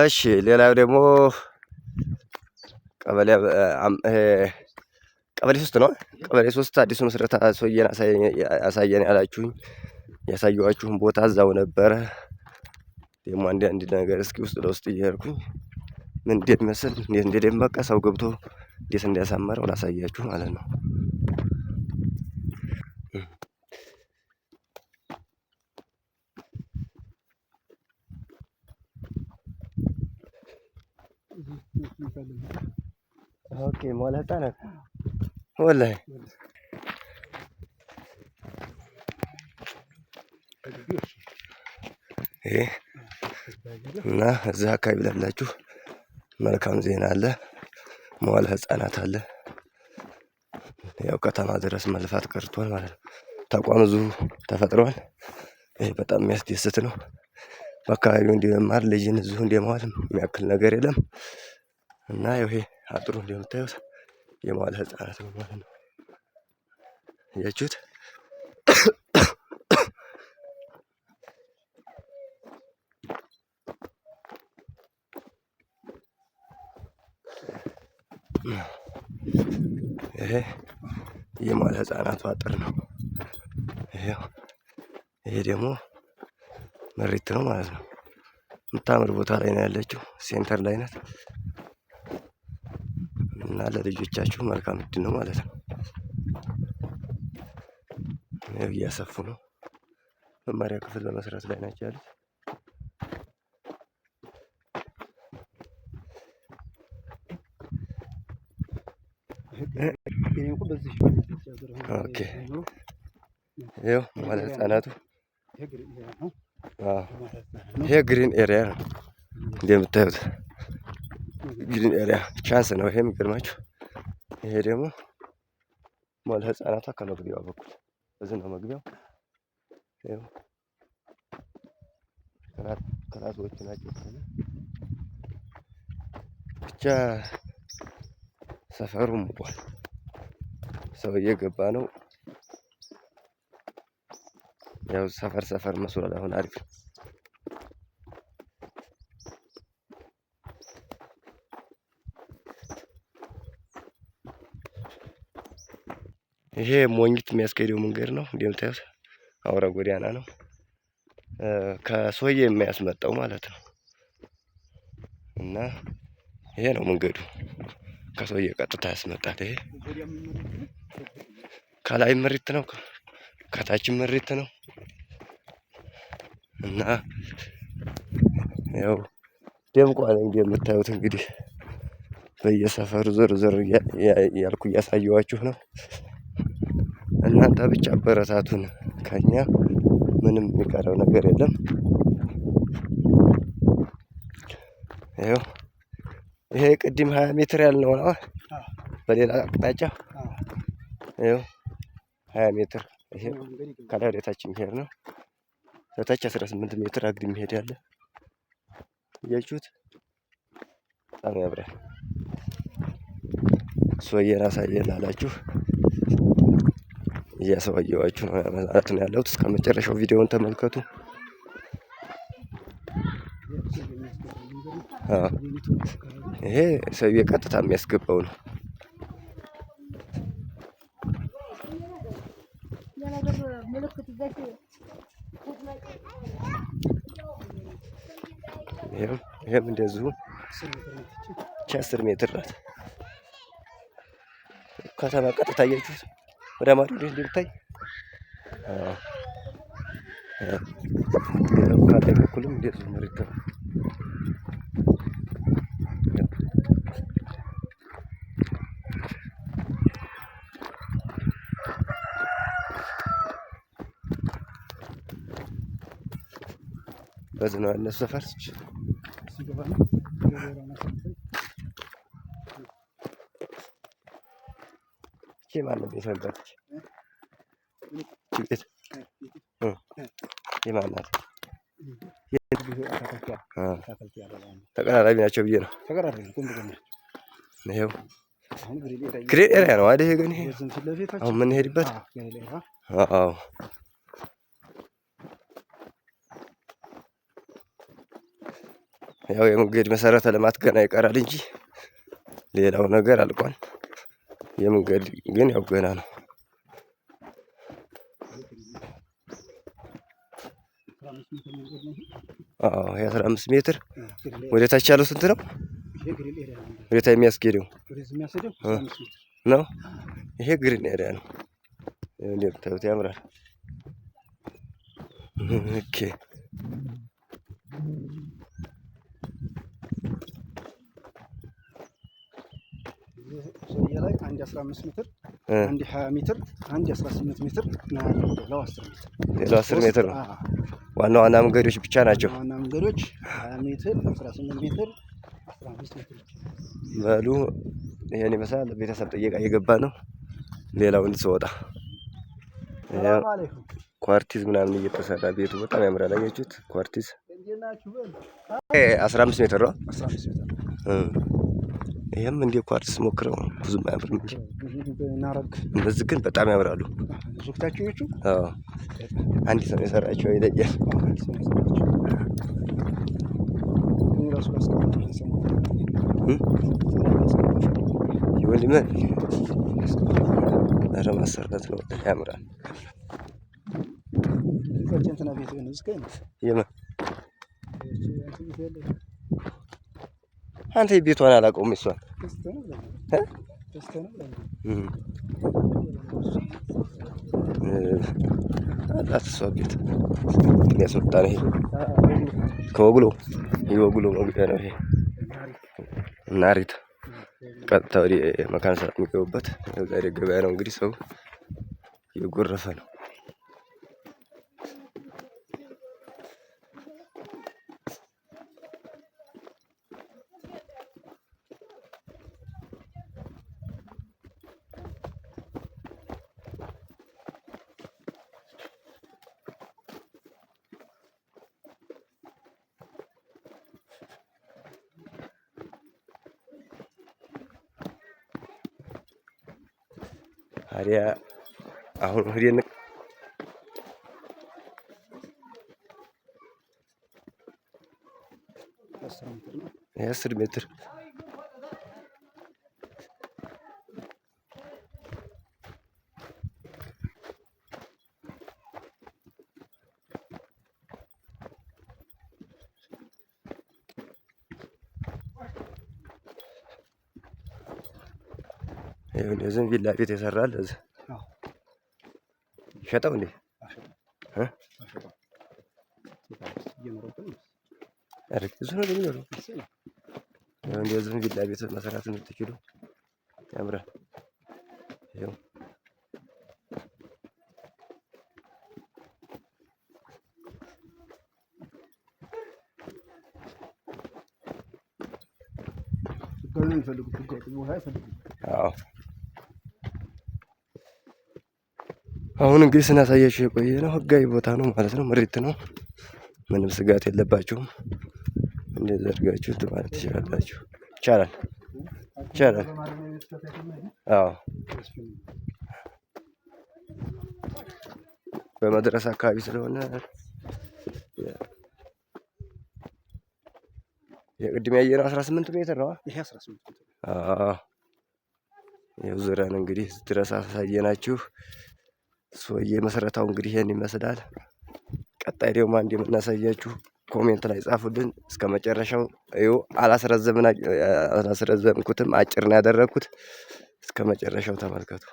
እሺ ሌላው ደግሞ ቀበሌ ሶስት ነው ቀበሌ ሶስት አዲሱ ምስረታ ሰውዬን አሳየን ያላችሁኝ ያሳየኋችሁን ቦታ እዛው ነበረ። ደግሞ አንድ አንድ ነገር እስኪ ውስጥ ለውስጥ እየሄድኩኝ ምን እንዴት መስል እንዴት እንደደመቀ ሰው ገብቶ እንዴት እንዲያሳመረ ላሳያችሁ ማለት ነው። okay mall હતા ને እና እዚህ አካባቢ ላላችሁ መልካም ዜና አለ። መዋለ ህጻናት አለ። ያው ከተማ ድረስ መልፋት ቀርቷል ማለት ነው። ተቋም እዚሁ ተፈጥሯል። ይህ በጣም የሚያስደስት ነው። በአካባቢው እንዲመማር ልጅን እዚሁ እንዲመዋል የሚያክል ነገር የለም። እና ይሄ አጥሩ እንደምታዩት የመዋለ ህፃናት ነው ማለት ነው። ያችሁት ይሄ የመዋለ ህፃናቱ አጥር ነው። ይሄው ይሄ ደግሞ መሬት ነው ማለት ነው። የምታምር ቦታ ላይ ነው ያለችው። ሴንተር ላይ ናት። እና ለልጆቻችሁ መልካም እድል ነው ማለት ነው። እያሰፉ ነው መማሪያ ክፍል በመስራት ላይ ናቸው ያሉት። ኦኬ ይኸው ማለት ህፃናቱ ይሄ ግሪን ኤሪያ ነው እንደምታዩት ግሪን ኤሪያ ቻንስ ነው። ይሄም የሚገርማችሁ ይሄ ደግሞ ማለ ህፃናቷ ከመግቢያው በኩል እዚህ ነው መግቢያው። ክላሶች ናቸው። ብቻ ሰፈሩ ሙቋል። ሰው እየገባ ነው። ያው ሰፈር ሰፈር መስሏል። አሁን አሪፍ ነው። ይሄ ሞኝት የሚያስገደው መንገድ ነው። እንደምታዩት አውራ ጎዳና ነው። ከሶዬ የሚያስመጣው ማለት ነው። እና ይሄ ነው መንገዱ ከሶዬ ቀጥታ ያስመጣት። ይሄ ከላይ ምሪት ነው፣ ከታች ምሪት ነው። እና ያው ደምቋል እንደምታዩት እንግዲህ በየሰፈሩ ዞር ዞር እያልኩ እያሳየዋችሁ ነው። እናንተ ብቻ አበረታቱን ከኛ ምንም የሚቀረው ነገር የለም። ይኸው ይሄ ቅድም ሃያ ሜትር ያልነው ነው። በሌላ አቅጣጫ ይኸው ሀያ ሜትር ይሄ ከላይ ወደታች የሚሄድ ነው። ከታች አስራ ስምንት ሜትር አግድም የሚሄድ ያለ እያችሁት በጣም ያምራል። እሱ የራሳ ላላችሁ እያሳየኋችሁ ነው ማለት ነው ያለሁት። እስከ መጨረሻው ቪዲዮውን ተመልከቱ። ይሄ ሰውዬ ቀጥታ የሚያስገባው ነው። ይህም እንደዚሁ አስር ሜትር ናት ከተማ ቀጥታ እያችሁት ወደ ማዶ እንዴት እንደሚታይ ከአጠገብ በኩልም እንዴት ነው መሬት ነው በዚህ ነው ያነሱ ሰፈር ይሄ ማነው የሰበረች? ጥቂት ተቀራራቢ ናቸው ብዬ ነው። ይኸው ግሬን ኤሪያ ነው አይደል? ግን ይሄ አሁን የምንሄድበት ያው የመንገድ መሰረተ ልማት ገና ይቀራል እንጂ ሌላው ነገር አልቋል። የመንገድ ግን ያው ገና ነው። አዎ ይሄ አስራ አምስት ሜትር ወደ ታች ያለው ስንት ነው? ወደ ታች የሚያስኬደው ነው። ይሄ ግሪን ኤሪያ ነው። እንደምታዩት ያምራል። ኦኬ 15 ሜትር፣ ሜትር፣ 18 ሜትር ነው ሜትር ሜትር ዋና ዋና መንገዶች ብቻ ናቸው። በሉ። ይሄን ይመስላል። ቤተሰብ ጥየቃ እየገባ ነው። ሌላው እንድትወጣ ኳርቲዝ ምናምን እየተሰራ ቤቱ በጣም ያምራል። አያችሁት? ኳርቲዝ አምስት ሜትር ነው። ይሄም እንዴ ኳርስ ሞክረው ብዙም አያምርም እንጂ እነዚህ ግን በጣም ያምራሉ። አዎ አንድ ሰው የሰራቸው ይለያል። ወንድሜን ኧረ ማሰራት ነው ያምራል። የምን አንተ ቤቷን አላውቀውም። እሷን አላት እሷ ቤት የሚያስወጣ ነው። ይሄ ከወግሎ የወግሎ መግቢያ ነው። ይሄ ናሪት ቀጥታ ወደ መካነ ሰላም የሚገቡበት ገበያ ነው። እንግዲህ ሰው የጎረፈ ነው። Arya ahur huriyanak Yasir metre. ዝም ቪላ ቤት የሰራ አለ እዚህ ሸጠው እንዴ? ብዙ ነው የሚኖረው። እንደዚህም ቪላ ቤት መሰራት የምትችሉ ያምራል። ይኸው ፈልጉ አሁን እንግዲህ ስናሳያችሁ የቆየ ነው። ህጋዊ ቦታ ነው ማለት ነው። መሬት ነው። ምንም ስጋት የለባችሁም። እንደዛ ማለት ትችላላችሁ። ይቻላል ይቻላል። አዎ በመድረስ አካባቢ ስለሆነ የቅድም ያየነው አስራ ስምንት ሜትር ነው። ይሄ ዙሪያን እንግዲህ ድረስ አሳየናችሁ። የመሰረታው እንግዲህ ይሄን ይመስላል። ቀጣይ ደግሞ አንድ የምናሳያችሁ ኮሜንት ላይ ጻፉልን መጨረሻው እዩ አላስረዘምኩትም አጭር ነው እስከ መጨረሻው ተመልከቱ